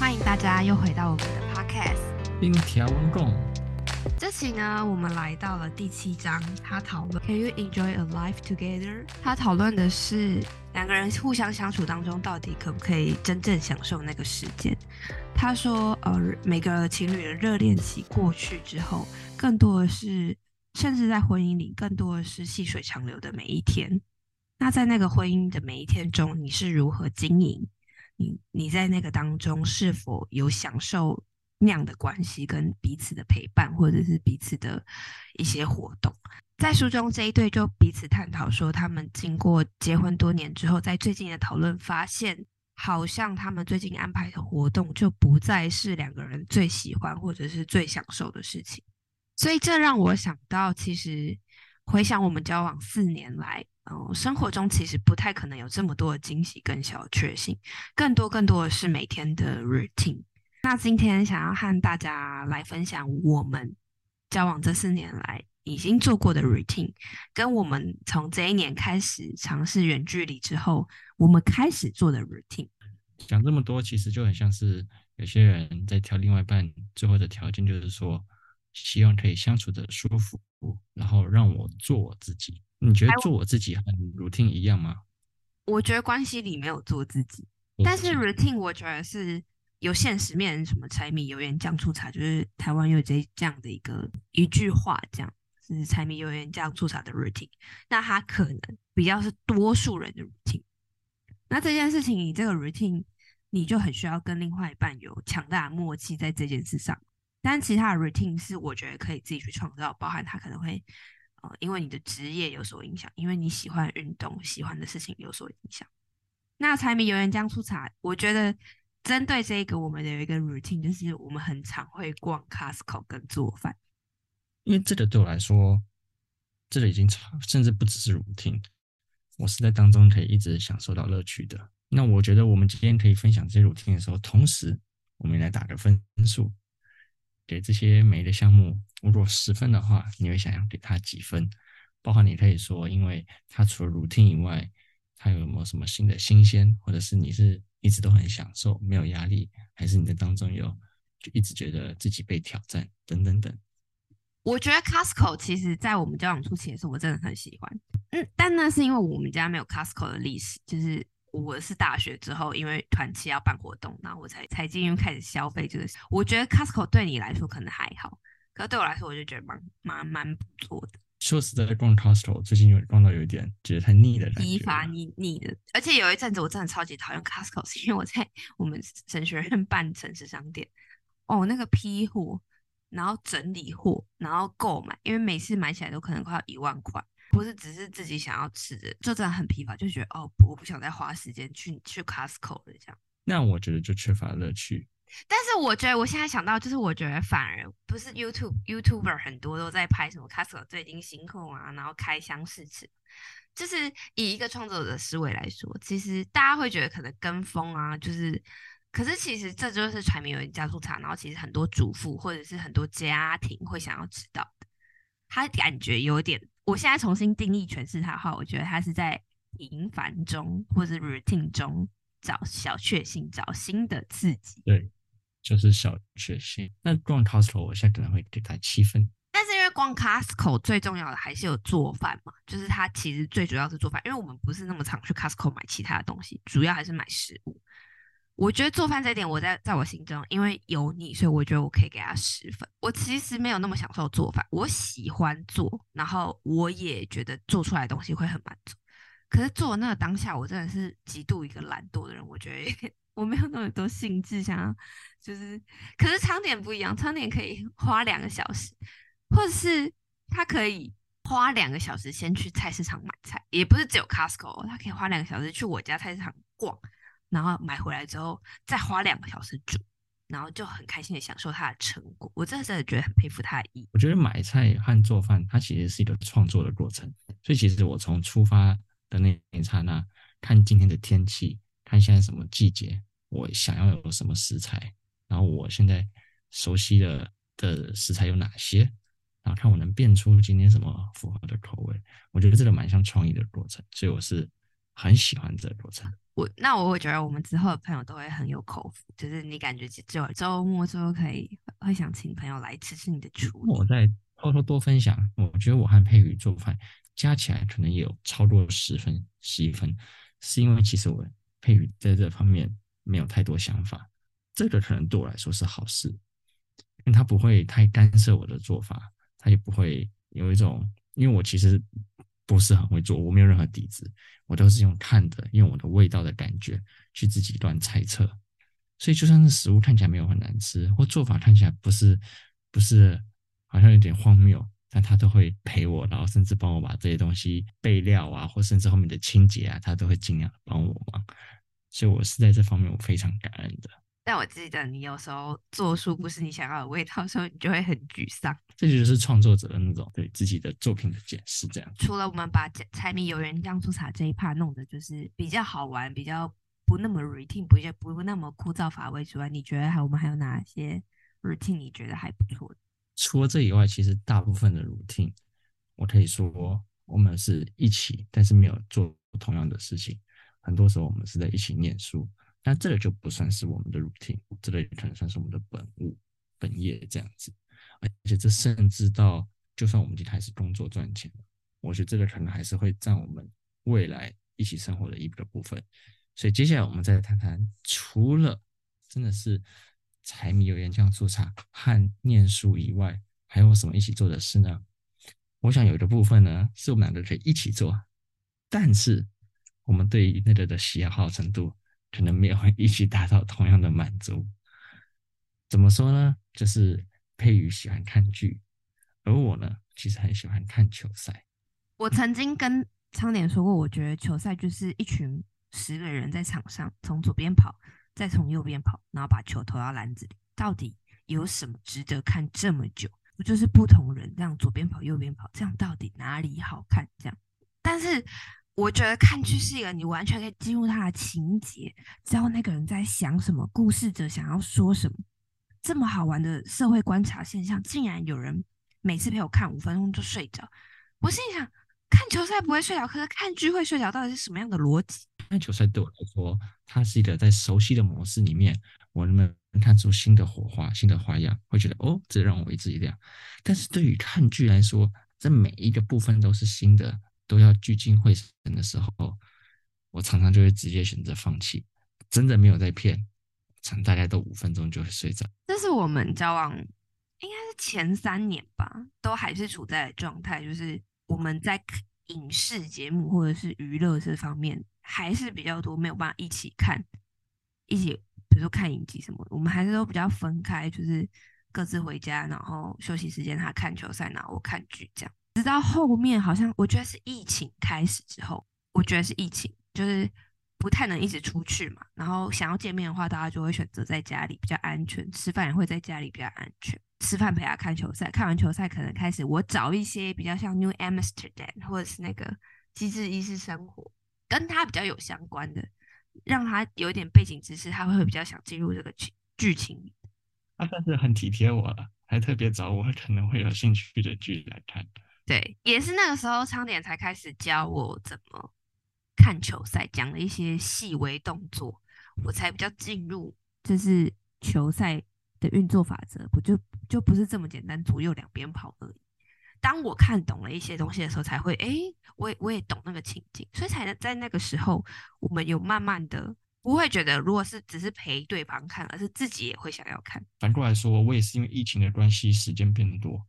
歡迎大家又回到我們的 podcast。In Taiwan Gong。這期呢，我們來到了第七章，他討論 Can you enjoy a life together？他討論的是兩個人互相相處當中，到底可不可以真正享受那個時間？他說，呃，每個情侶的熱戀期過去之後，更多的是，甚至在婚姻裡，更多的是細水長流的每一天。那在那個婚姻的每一天中，你是如何經營？你，你在那個當中是否有享受那樣的關係跟彼此的陪伴，或者是彼此的一些活動？在書中這一對就彼此探討說，他們經過結婚多年之後，在最近的討論發現，好像他們最近安排的活動就不再是兩個人最喜歡或者是最享受的事情。所以這讓我想到，其實回想我們交往四年來。生活中其實不太可能有這麼多的驚喜跟小確幸，更多更多的是每天的 routine。那今天想要和大家來分享我們交往這四年來已經做過的 routine，跟我們從這一年開始嘗試遠距離之後，我們開始做的 routine。講這麼多，其實就很像是有些人在挑另外一半，最後的條件就是說希望可以相處得舒服，然後讓我做我自己。你覺得做我自己和你 routine 一樣嗎？哎，我，我覺得關係裡沒有做自己，做自己。但是 routine 我覺得是有現實面，什麼柴米油鹽醬醋茶，就是台灣有一這樣的一個一句話，這樣是柴米油鹽醬醋茶的 routine。那他可能比較是多數人的 routine。那這件事情，你這個 routine，你就很需要跟另外一半有強大的默契在這件事上。但其他的 routine 是我覺得可以自己去創造，包含他可能會。哦，因為你的職業有所影響，因為你喜歡運動，喜歡的事情有所影響。那柴米油鹽醬醋茶，我覺得針對這一個，我們的有一個 routine，就是我們很常會逛 Costco 跟做飯。因為這個對我來說，這個已經超，甚至不只是 routine，我是在當中可以一直享受到樂趣的。那我覺得我們今天可以分享這些 routine 的時候，同時我們也來打個分數。給這些沒的項目，如果十分的話，你會想要給它幾分？包括你可以說，因為它除了 routine 以外，它有沒有什麼新的新鮮，或者是你是一直都很享受，沒有壓力，還是你在當中有就一直覺得自己被挑戰等等等。我覺得 Costco 其實在我們交往初期的時候，我真的很喜歡，嗯，但那是因為我們家沒有 Costco 的歷史，就是。我是大學之後，因為團契要辦活動，然後我才才進入開始消費。就是我覺得 Costco 對你來說可能還好，可是對我來說，我就覺得蠻蠻蠻不錯的。說實在的，逛 Costco 最近有逛到有一點覺得太膩的感覺，疲乏膩膩的。而且有一陣子我真的超級討厭 Costco，是因為我在我們神學院辦城市商店哦，那個批貨，然後整理貨，然後購買，因為每次買起來都可能快要一萬塊。不是只是自己想要吃的，就真的很疲乏，就覺得哦，我不想再花時間去去 Costco 了，這樣。那我覺得就缺乏樂趣。但是我覺得我現在想到，就是我覺得反而不是 YouTube YouTuber 很多都在拍什麼 Costco 最近新款啊，然後開箱試吃。就是以一個創作者思維來說，其實大家會覺得可能跟風啊，就是。可是其實這就是傳媒有點加速差，然後其實很多主婦或者是很多家庭會想要知道的，他感覺有點。我現在重新定義詮釋他的話，我覺得他是在平凡中或是 routine 中找小確幸，找新的自己。對，就是小確幸。那逛 Costco，我現在可能會給他七分。但是因為逛 Costco 最重要的還是有做飯嘛，就是他其實最主要是做飯，因為我們不是那麼常去 Costco 買其他的東西，主要還是買食物。我覺得做飯這一點，我在在我心中，因為有你，所以我覺得我可以給他十分。我其實沒有那麼享受做飯，我喜歡做，然後我也覺得做出來的東西會很滿足。可是做那個當下，我真的是極度一個懶惰的人。我覺得我沒有那麼多興致想要，就是，可是長點不一樣，長點可以花兩個小時，或者是他可以花兩個小時先去菜市場買菜，也不是只有 Costco 哦，他可以花兩個小時去我家菜市場逛。然後買回來之後再花兩個小時煮，然後就很開心的享受它的成果。我真的真的覺得很佩服他的意義。我覺得買菜和做飯，它其實是一個創作的過程。所以其實我從出發的那一剎那，看今天的天氣，看現在什麼季節，我想要有什麼食材，然後我現在熟悉的的食材有哪些，然後看我能變出今天什麼符合的口味。我覺得這個蠻像創意的過程，所以我是很喜歡這個過程。那我會覺得我們之後的朋友都會很有口福，就是你感覺只有周末之後可以會想請朋友來吃吃你的廚藝。我在多偷偷多分享，我覺得我和佩宇做飯加起來可能也有超過十分十一分，是因為其實我佩宇在這方面沒有太多想法，這個可能對我來說是好事，因為他不會太干涉我的做法，他也不會有一種，因為我其實。不是很會做，我沒有任何底子，我都是用看的，用我的味道的感覺去自己亂猜測。所以就算是食物看起來沒有很難吃，或做法看起來不是不是好像有點荒謬，但他都會陪我，然後甚至幫我把這些東西備料啊，或甚至後面的清潔啊，他都會盡量幫我忙。所以我是在這方面我非常感恩的。但我記得，你有時候做書不是你想要的味道的時候，你就會很沮喪。這就是創作者的那種對自己的作品的解釋，這樣。除了我們把《柴米油鹽醬醋茶》這一趴弄的就是比較好玩，比較不那麼 routine，不，也不那麼枯燥乏味之外，你覺得還我們還有哪些 routine 你覺得還不錯？除了這以外，其實大部分的 routine，我可以說我們是一起，但是沒有做同樣的事情。很多時候我們是在一起念書。那這個就不算是我們的 routine，這個也可能算是我們的本務、本業這樣子。而且這甚至到，就算我們今天還是工作賺錢，我覺得這個可能還是會占我們未來一起生活的一個部分。所以接下來我們再來談談，除了真的是柴米油鹽醬醋茶和念書以外，還有什麼一起做的事呢？我想有一個部分呢，是我們兩個可以一起做，但是我們對於那個的喜好程度。可能沒有一起達到同樣的滿足。怎麼說呢？就是佩瑜喜歡看劇，而我呢，其實很喜歡看球賽。我曾經跟昌年說過，我覺得球賽就是一群十個人在場上，從左邊跑，再從右邊跑，然後把球投到籃子裡。到底有什麼值得看這麼久？不就是不同人這樣左邊跑、右邊跑，這樣到底哪裡好看？這樣。但是。我覺得看劇是一個你完全可以進入他的情節，知道那個人在想什麼，故事者想要說什麼？這麼好玩的社會觀察現象，竟然有人每次陪我看五分鐘就睡着。我心裡想，看球賽不會睡着，可是看劇會睡着，到底是什麼樣的邏輯？看球賽對我來說，它是一個在熟悉的模式裡面，我能不能看出新的火花、新的花樣，會覺得哦，這讓我為之一亮。但是對於看劇來說，這每一個部分都是新的。都要聚精會神的時候，我常常就會直接選擇放棄。真的沒有在騙，常大概都五分鐘就會睡着。這是我們交往應該是前三年吧，都還是處在狀態，就是我們在影視節目或者是娛樂這方面還是比較多，沒有辦法一起看，一起比如說看影集什麼的，我們還是都比較分開，就是各自回家，然後休息時間他看球賽，然後我看劇這樣。直到後面，好像我覺得是疫情開始之後，我覺得是疫情，就是不太能一直出去嘛。然後想要見面的話，大家就會選擇在家裡比較安全，吃飯也會在家裡比較安全。吃飯陪他看球賽，看完球賽可能開始我找一些比較像 New Amsterdam 或者是那個機智醫師生活，跟他比較有相關的，讓他有點背景知識，他會，不會比較想進入這個劇劇情裡。他算、啊、是很體貼我了，還特別找我可能會有興趣的劇來看。對，也是那個時候，昌點才開始教我怎麼看球賽，講了一些細微動作，我才比較進入，就是球賽的運作法則，不就就不是這麼簡單，左右兩邊跑而已。當我看懂了一些東西的時候，才會哎，我也我也懂那個情景，所以才能在那個時候，我們有慢慢的不會覺得，如果是只是陪對方看，而是自己也會想要看。反過來說，我也是因為疫情的關係，時間變得多。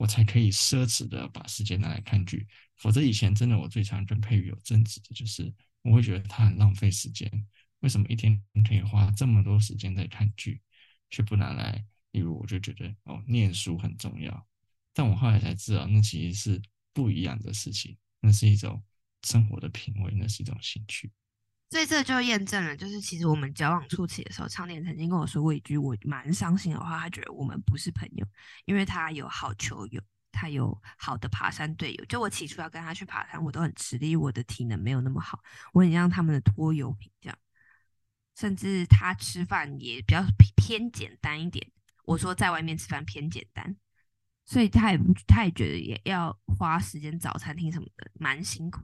我才可以奢侈的把時間拿來看劇，否則以前真的我最常跟佩羽有爭執的就是，我會覺得他很浪費時間，為什麼一天可以花這麼多時間在看劇，卻不拿來，例如我就覺得哦，唸書很重要，但我後來才知道，那其實是不一樣的事情，那是一種生活的品味，那是一種興趣。所以這就驗證了，就是其實我們交往初期的時候，昌年曾經跟我說過一句我蠻傷心的話，他覺得我們不是朋友，因為他有好球友，他有好的爬山隊友。就我起初要跟他去爬山，我都很吃力，我的體能沒有那麼好，我很像他們的拖油瓶這樣。甚至他吃飯也比較偏簡單一點，我說在外面吃飯偏簡單，所以他也不，他也覺得也要花時間找餐廳什麼的，蠻辛苦。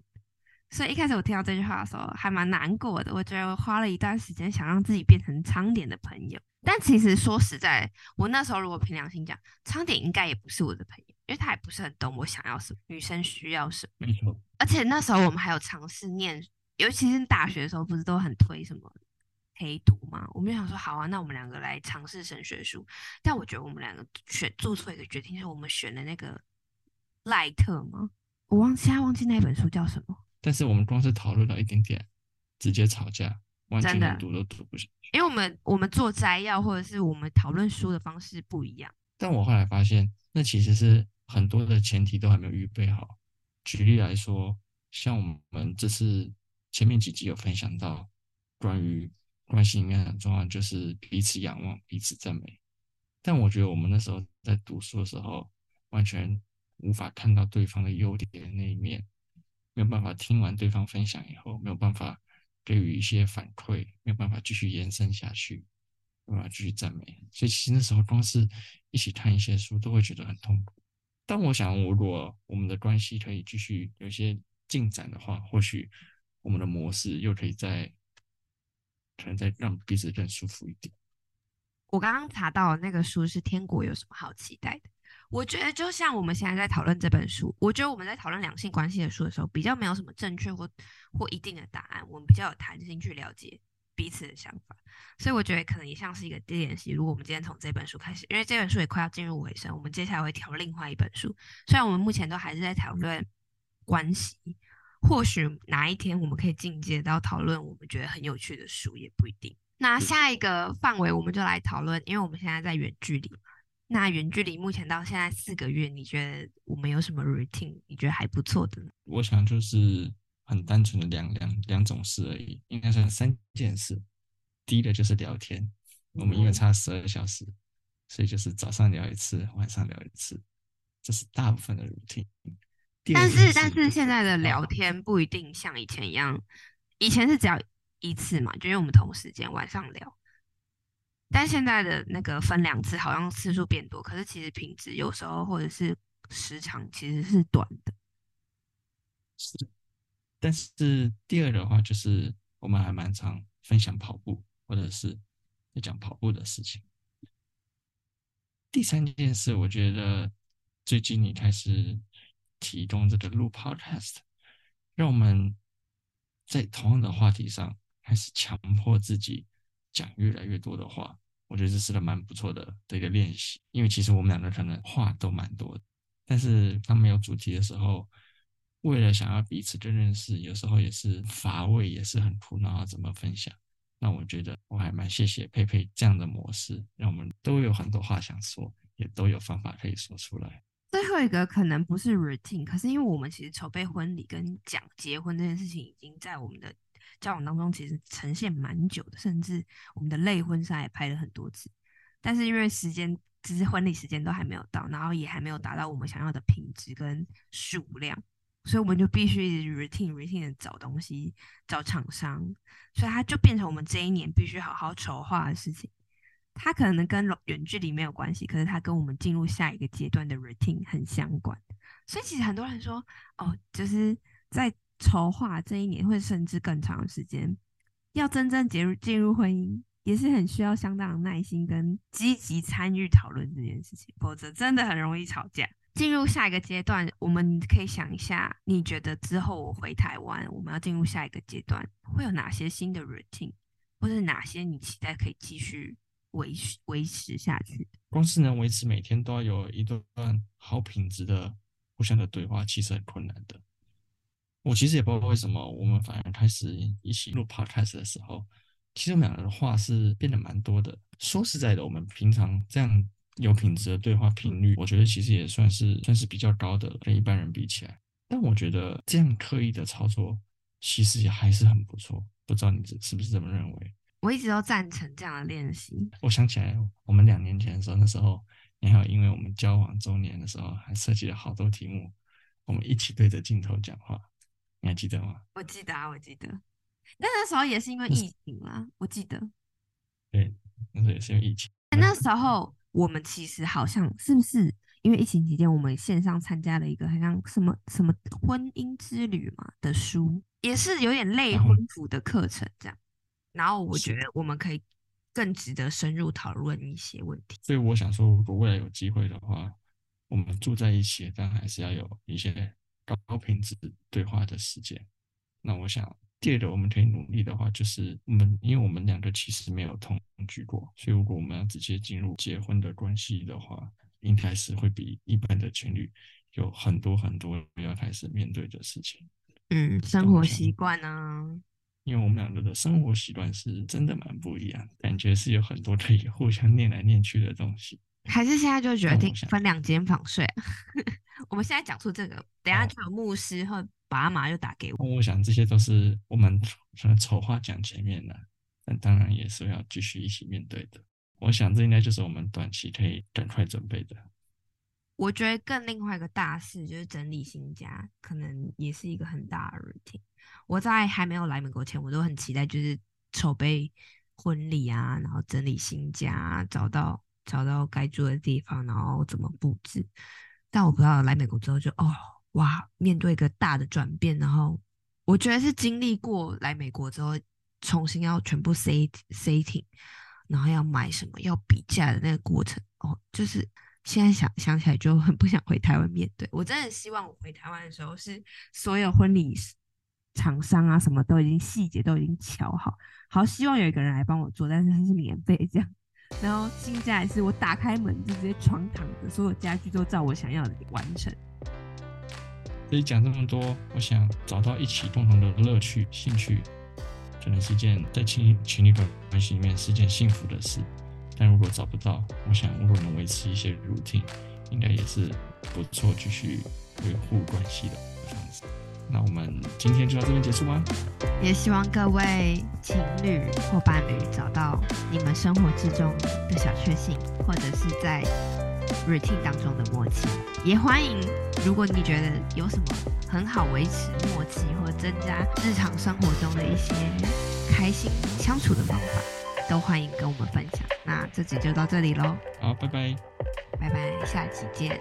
所以一開始我聽到這句話的時候還蠻難過的。我覺得我花了一段時間想讓自己變成倉點的朋友，但其實說實在，我那時候如果憑良心講，倉點應該也不是我的朋友，因為他也不是很懂我想要什麼，女生需要什麼。嗯、而且那時候我們還有嘗試念，尤其是大學的時候，不是都很推什麼黑讀嗎？我們就想說，好啊，那我們兩個來嘗試神學書。但我覺得我們兩個選做錯一個決定，是我們選的那個賴特嗎？我忘記，我忘記那本書叫什麼。但是我們光是討論了一點點，直接吵架，完全連讀都讀不下去。因為我們我們做摘要或者是我們討論書的方式不一樣。但我後來發現，那其實是很多的前提都還沒有預備好。舉例來說，像我們這次前面幾集有分享到，關於關係裡面很重要就是彼此仰望、彼此讚美。但我覺得我們那時候在讀書的時候，完全無法看到對方的優點那一面。沒有辦法聽完對方分享以後，沒有辦法給予一些反饋，沒有辦法繼續延伸下去，沒有辦法繼續讚美，所以其實那時候光是一起看一些書都會覺得很痛苦。但我想，如果我們的關係可以繼續有些進展的話，或許我們的模式又可以再，可能再讓彼此更舒服一點。我剛剛查到那個書是《天國有什麼好期待的》。我覺得就像我們現在在討論這本書，我覺得我們在討論兩性關係的書的時候，比較沒有什麼正確或或一定的答案，我們比較有彈性去了解彼此的想法。所以我覺得可能也像是一個練習。如果我們今天從這本書開始，因為這本書也快要進入尾聲，我們接下來會挑另外一本書。雖然我們目前都還是在討論關係，或許哪一天我們可以進階到討論我們覺得很有趣的書也不一定。那下一個範圍我們就來討論，因為我們現在在遠距離。那遠距離目前到現在四個月，你覺得我們有什麼 routine？你覺得還不錯的呢？我想就是很單純的兩兩兩種事而已，應該算三件事。第一個就是聊天，我們因為差十二個小時，所以就是早上聊一次，晚上聊一次，這是大部分的 routine。但是但是現在的聊天不一定像以前一樣，以前是只要一次嘛，就因為我們同時間晚上聊。但現在的那個分兩次，好像次數變多，可是其實品質有時候或者是時長其實是短的。是，但是第二的話就是我們還蠻常分享跑步或者是在講跑步的事情。第三件事，我覺得最近你開始提供這個錄 Podcast，讓我們在同樣的話題上開始強迫自己。講越來越多的話，我覺得這是個蠻不錯的這個練習。因為其實我們兩個可能話都蠻多，但是當沒有主題的時候，為了想要彼此的認識，有時候也是乏味，也是很苦惱要怎麼分享。那我覺得我還蠻謝謝佩佩這樣的模式，讓我們都有很多話想說，也都有方法可以說出來。最後一個可能不是 routine，可是因為我們其實籌備婚禮跟講結婚這件事情，已經在我們的。交往當中其實呈現蠻久的，甚至我們的類婚紗也拍了很多次，但是因為時間，只是婚禮時間都還沒有到，然後也還沒有達到我們想要的品質跟數量，所以我們就必須一直 routine routine 的找東西，找廠商，所以它就變成我們這一年必須好好籌劃的事情。它可能跟遠距離沒有關係，可是它跟我們進入下一個階段的 routine 很相關，所以其實很多人說，哦，就是在。籌劃這一年會甚至更長的時間，要真正結入進入婚姻，也是很需要相當的耐心跟積極參與討論這件事情，否則真的很容易吵架。進入下一個階段，我們可以想一下，你覺得之後我回台灣，我們要進入下一個階段，會有哪些新的 routine，或者哪些你期待可以繼續維維持下去？光是能維持每天都要有一段好品質的互相的對話，其實很困難的。我其實也不知道為什麼，我們反而開始一起錄 podcast 的時候，其實我們兩個的話是變得蠻多的。說實在的，我們平常這樣有品質的對話頻率，我覺得其實也算是算是比較高的，跟一般人比起來。但我覺得這樣刻意的操作，其實也還是很不錯。不知道你是不是這麼認為？我一直都贊成這樣的練習。我想起來，我們兩年前的時候，那時候你還有，因為我們交往周年的時候，還設計了好多題目，我們一起對着鏡頭講話。還記得嗎？我記得啊，我記得。那那時候也是因為疫情啦，是我記得。對，那時候也是因為疫情、欸。那時候我們其實好像是不是因為疫情期間，我們線上參加了一個好像什麼什麼婚姻之旅嘛的書，也是有點類婚服的課程這樣。然後,然後我覺得我們可以更值得深入討論一些問題。所以我想說，如果未來有機會的話，我們住在一起，但還是要有一些。高品質對話的時間，那我想借着我們可以努力的話，就是我們因為我們兩個其實沒有同居過，所以如果我們要直接進入結婚的關係的話，應該是會比一般的情侶有很多很多要開始面對的事情。嗯，生活習慣呢？因為我們兩個的生活習慣是真的蠻不一樣的，感覺是有很多可以互相念來念去的東西。還是現在就決定分兩間房睡？我， 我們現在講出這個，等下就有牧師和爸媽就打給我。我想這些都是我們醜話講前面的，但當然也是要繼續一起面對的。我想這應該就是我們短期可以趕快準備的。我覺得更另外一個大事就是整理新家，可能也是一個很大的 routine。我在還沒有來美國前，我都很期待，就是籌備婚禮啊，然後整理新家啊，找到。找到該住的地方，然後怎麼布置？但我不知道來美國之後就哦哇，面對一個大的轉變，然後我覺得是經歷過來美國之後，重新要全部 set setting，然後要買什麼，要比價的那個過程哦，就是現在想想起來就很不想回台灣面對。我真的希望我回台灣的時候，是所有婚禮廠商啊什麼都已經細節都已經敲好，好希望有一個人來幫我做，但是他是免費這樣。然後現在是我打開門就直接床躺着，所有家具都照我想要的完成。所以講這麼多，我想找到一起共同的樂趣、興趣，可能是一件在情情侶的關係裡面是一件幸福的事。但如果找不到，我想如果能維持一些 routine，應該也是不錯繼續維護關係的。那我們今天就到這邊結束吧。也希望各位情侶或伴侶找到你們生活之中的小確幸，或者是在 routine 當中的默契。也歡迎，如果你覺得有什麼很好維持默契或增加日常生活中的一些開心相處的方法，都歡迎跟我們分享。那這集就到這裡嘍。好，拜拜，拜拜，下期見。